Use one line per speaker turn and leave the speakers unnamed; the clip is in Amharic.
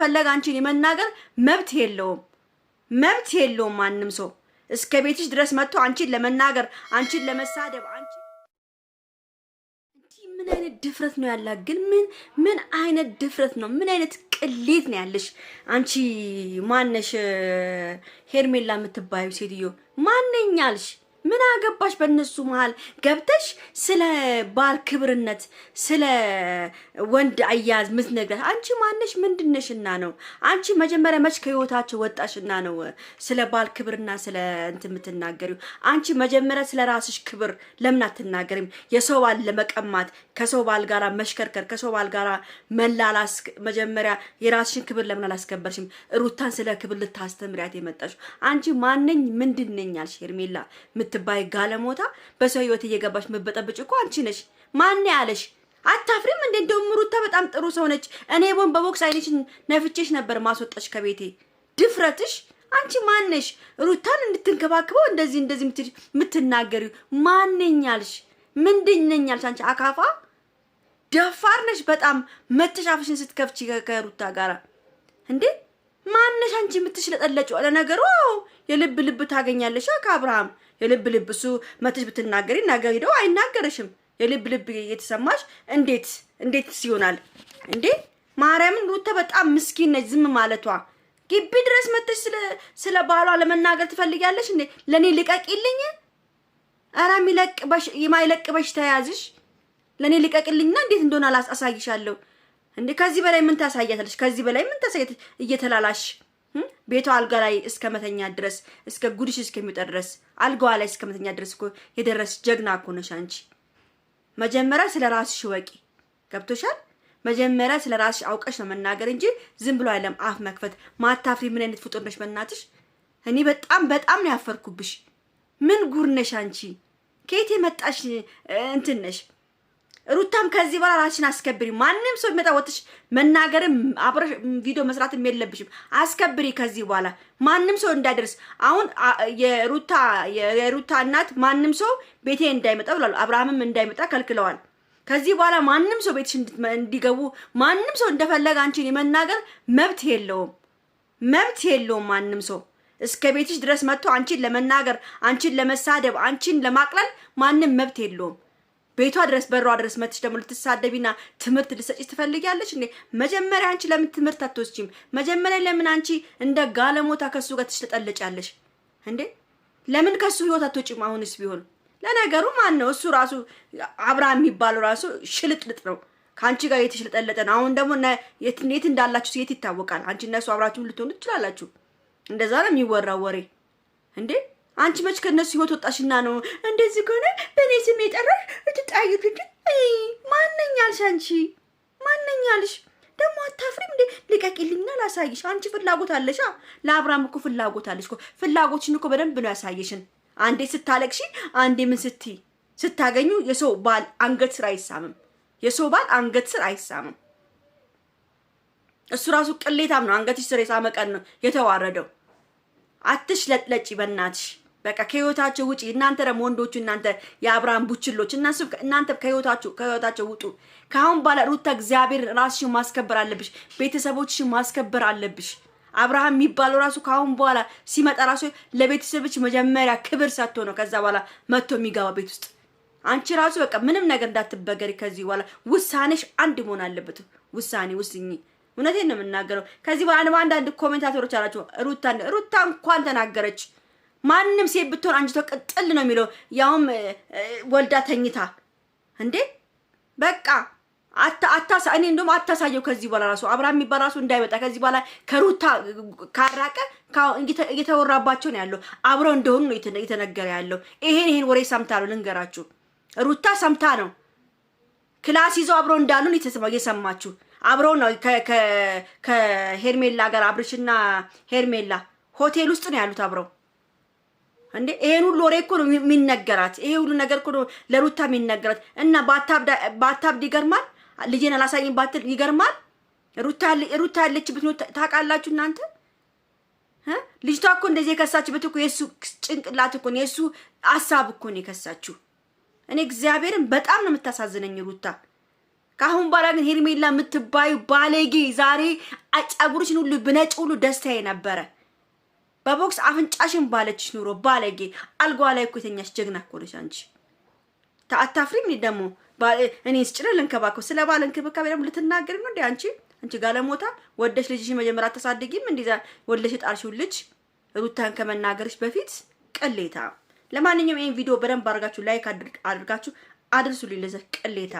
ከፈለገ አንቺን የመናገር መብት የለውም፣ መብት የለውም። ማንም ሰው እስከ ቤትሽ ድረስ መጥቶ አንቺን ለመናገር አንቺን ለመሳደብ አንቺ ምን አይነት ድፍረት ነው ያላት? ግን ምን ምን አይነት ድፍረት ነው? ምን አይነት ቅሌት ነው ያለሽ አንቺ? ማነሽ ሄርሜላ የምትባዩ ሴትዮ ማነኛልሽ? ምን አገባሽ በእነሱ መሀል ገብተሽ ስለ ባል ክብርነት ስለ ወንድ አያያዝ ምትነግረት አንቺ ማነሽ ምንድነሽና ነው? አንቺ መጀመሪያ መች ከህይወታቸው ወጣሽና ነው ስለ ባል ክብርና ስለ እንትን የምትናገሪው? አንቺ መጀመሪያ ስለ ራስሽ ክብር ለምን አትናገሪም? የሰው ባል ለመቀማት ከሰው ባል ጋር መሽከርከር ከሰው ባል ጋር መላላስ፣ መጀመሪያ የራስሽን ክብር ለምን አላስከበርሽም? ሩታን ስለ ክብር ልታስተምሪያት የመጣሽ አንቺ ማነኝ ምንድነኛል ሄርሜላ የምትባይ ጋለሞታ በሰው ህይወት እየገባሽ መበጠብጭ እኮ አንቺ ነሽ። ማን ያለሽ? አታፍሪም እንዴ? እንደውም ሩታ በጣም ጥሩ ሰው ነች። እኔ ቦን በቦክስ አይነሽ ነፍቼሽ ነበር ማስወጣሽ ከቤቴ። ድፍረትሽ! አንቺ ማነሽ? ሩታን እንድትንከባክበው እንደዚህ እንደዚህ የምትናገሪ ማንኛልሽ? ምንድነኛልሽ? አንቺ አካፋ ደፋር ነሽ። በጣም መተሻፍሽን ስትከፍች ከሩታ ጋራ እንዴ ማነሽ አንቺ የምትሽለጠለጭው? አለ ነገሩ የልብ ልብ ታገኛለሽ ከአብርሃም የልብ ልብ እሱ መተሽ ብትናገሪ ነገር ሄደው አይናገርሽም። የልብ ልብ እየተሰማሽ እንዴት እንዴት ይሆናል እንዴ? ማርያምን ሩተ በጣም ምስኪን ነች። ዝም ማለቷ ግቢ ድረስ መተሽ ስለ ስለ ባሏ ለመናገር ትፈልጊያለሽ እንዴ? ለኔ ልቀቂልኝ። ኧረ የሚለቅበሽ የማይለቅበሽ ተያዝሽ። ለኔ ልቀቂልኝና እንዴት እንደሆነ አሳይሻለሁ እንዴ ከዚህ በላይ ምን ታሳያታለሽ? ከዚህ በላይ ምን ታሳያታለሽ? እየተላላሽ ቤቷ አልጋ ላይ እስከ መተኛ ድረስ እስከ ጉድሽ እስከሚወጣ ድረስ አልጋዋ ላይ እስከ መተኛ ድረስ እኮ የደረስ ጀግና እኮ ነሽ አንቺ። መጀመሪያ ስለ ራስሽ ወቂ። ገብቶሻል? መጀመሪያ ስለ ራስሽ አውቀሽ ነው መናገር እንጂ ዝም ብሎ አይደለም አፍ መክፈት። ማታፍሪ ምን አይነት ፍጡር ነሽ? በእናትሽ እኔ በጣም በጣም ነው ያፈርኩብሽ። ምን ጉር ነሽ አንቺ? ከየት የመጣሽ እንትን ነሽ? ሩታም ከዚህ በኋላ ራስሽን አስከብሪ። ማንም ሰው የሚመጣ ወጥሽ መናገርም አብረሽ ቪዲዮ መስራትም የለብሽም። አስከብሪ ከዚህ በኋላ ማንም ሰው እንዳይደርስ። አሁን የሩታ የሩታ እናት ማንም ሰው ቤቴ እንዳይመጣ ብላሉ። አብርሃምም እንዳይመጣ ከልክለዋል። ከዚህ በኋላ ማንም ሰው ቤትሽ እንዲገቡ ማንም ሰው እንደፈለገ አንቺን የመናገር መብት የለውም፣ መብት የለውም ማንም ሰው እስከ ቤትሽ ድረስ መጥቶ አንቺን ለመናገር፣ አንቺን ለመሳደብ፣ አንቺን ለማቅለል ማንም መብት የለውም። ቤቷ ድረስ በሯ ድረስ መትሽ ደግሞ ልትሳደቢና ትምህርት ልሰጪ ትፈልጊያለች እንዴ? መጀመሪያ አንቺ ለምን ትምህርት አትወስጂም? መጀመሪያ ለምን አንቺ እንደ ጋለሞታ ከሱ ጋር ትሽለጠለጫለሽ እንዴ? ለምን ከሱ ህይወት አትወጪም? አሁንስ ቢሆን ለነገሩ ማን ነው እሱ? ራሱ አብርሃም የሚባለው ራሱ ሽልጥልጥ ነው ከአንቺ ጋር የተሽለጠለጠ ነው። አሁን ደግሞ የት እንዳላችሁ የት ይታወቃል። አንቺ እነሱ አብራችሁ ልትሆኑ ትችላላችሁ። እንደዛ ነው የሚወራው ወሬ እንዴ አንቺ መች ከእነሱ ህይወት ወጣሽና ነው እንደዚህ ከሆነ በእኔ ስም የጠራሽ እትጣዩት ልጅ ማነኛልሽ? አንቺ ማነኛልሽ? ደግሞ አታፍሪም እንዴ? ልቀቂልኝና ላሳይሽ። አንቺ ፍላጎት አለሽ። ለአብርሃም እኮ ፍላጎት አለሽ እኮ። ፍላጎትሽን እኮ በደንብ ነው ያሳየሽን። አንዴ ስታለቅሺ፣ አንዴ ምን ስትይ ስታገኙ። የሰው ባል አንገት ስር አይሳምም። የሰው ባል አንገት ስር አይሳምም። እሱ ራሱ ቅሌታም ነው። አንገትሽ ስር የሳመ ቀን ነው የተዋረደው። አትሽ ለጥለጪ በናትሽ። በቃ ከህይወታቸው ውጪ። እናንተ ደግሞ ወንዶቹ እናንተ የአብርሃም ቡችሎች እናንሱ እናንተ ከህይወታቸው ከህይወታቸው ውጡ። ከአሁን በኋላ ሩታ እግዚአብሔር ራስሽን ማስከበር አለብሽ፣ ቤተሰቦችሽን ማስከበር አለብሽ። አብርሃም የሚባለው ራሱ ከአሁን በኋላ ሲመጣ ራሱ ለቤተሰቦች መጀመሪያ ክብር ሰጥቶ ነው ከዛ በኋላ መጥቶ የሚገባ ቤት ውስጥ። አንቺ ራሱ በቃ ምንም ነገር እንዳትበገሪ። ከዚህ በኋላ ውሳኔሽ አንድ መሆን አለበት። ውሳኔ ውስኝ። እውነቴን ነው የምናገረው። ከዚህ በኋላ አንዳንድ ኮሜንታተሮች አላቸው ሩታ ሩታ እንኳን ተናገረች ማንም ሴት ብትሆን አንጅቶ ቅጥል ነው የሚለው ያውም ወልዳ ተኝታ እንዴ በቃ አታሳ እኔ እንደውም አታሳየው። ከዚህ በኋላ ራሱ አብርሃም የሚባል ራሱ እንዳይመጣ ከዚህ በኋላ ከሩታ ካራቀ እየተወራባቸው ነው ያለው። አብረው እንደሆኑ ነው እየተነገረ ያለው። ይሄን ይሄን ወሬ ሰምታ ነው ልንገራችሁ። ሩታ ሰምታ ነው ክላስ ይዘው አብረው እንዳሉን እየሰማችሁ አብረው ነው ከሄርሜላ ጋር አብርሽና ሄርሜላ ሆቴል ውስጥ ነው ያሉት አብረው እንዴ ይሄን ሁሉ ወሬ እኮ ነው የሚነገራት። ይሄ ሁሉ ነገር እኮ ነው ለሩታ የሚነገራት። እና ባታብድ ይገርማል። ልጄን አላሳይም ባትል ይገርማል። ሩታ ሩታ ያለችበት ነው ታውቃላችሁ እናንተ። ልጅቷ እኮ እንደዚህ የከሳችበት እኮ የእሱ ጭንቅላት እኮ ነው የእሱ አሳብ እኮ ነው የከሳችሁ። እኔ እግዚአብሔርን በጣም ነው የምታሳዝነኝ ሩታ። ከአሁን በኋላ ግን ሄርሜላ የምትባዩ ባለጌ ዛሬ ጸጉርሽን ሁሉ ብነጭ ሁሉ ደስታዬ ነበረ። በቦክስ አፍንጫሽን ባለችሽ ኑሮ ባለጌ አልጓ ላይ እኮ የተኛሽ ጀግና እኮ ነሽ አንቺ። አታፍሪም? ደግሞ እኔ ስጭነ ልንከባከብ ስለ ባል እንክብካቤ ደግሞ ልትናገሪ ነው እንዲ አንቺ? አንቺ ጋለሞታ ወደሽ ልጅሽ መጀመሪያ አታሳድጊም? እንዲ ወደሽ የጣልሽው ልጅ ሩታን ከመናገርሽ በፊት ቅሌታ። ለማንኛውም ይህን ቪዲዮ በደንብ አድርጋችሁ ላይክ አድርጋችሁ አድርሱልኝ ለዛ ቅሌታ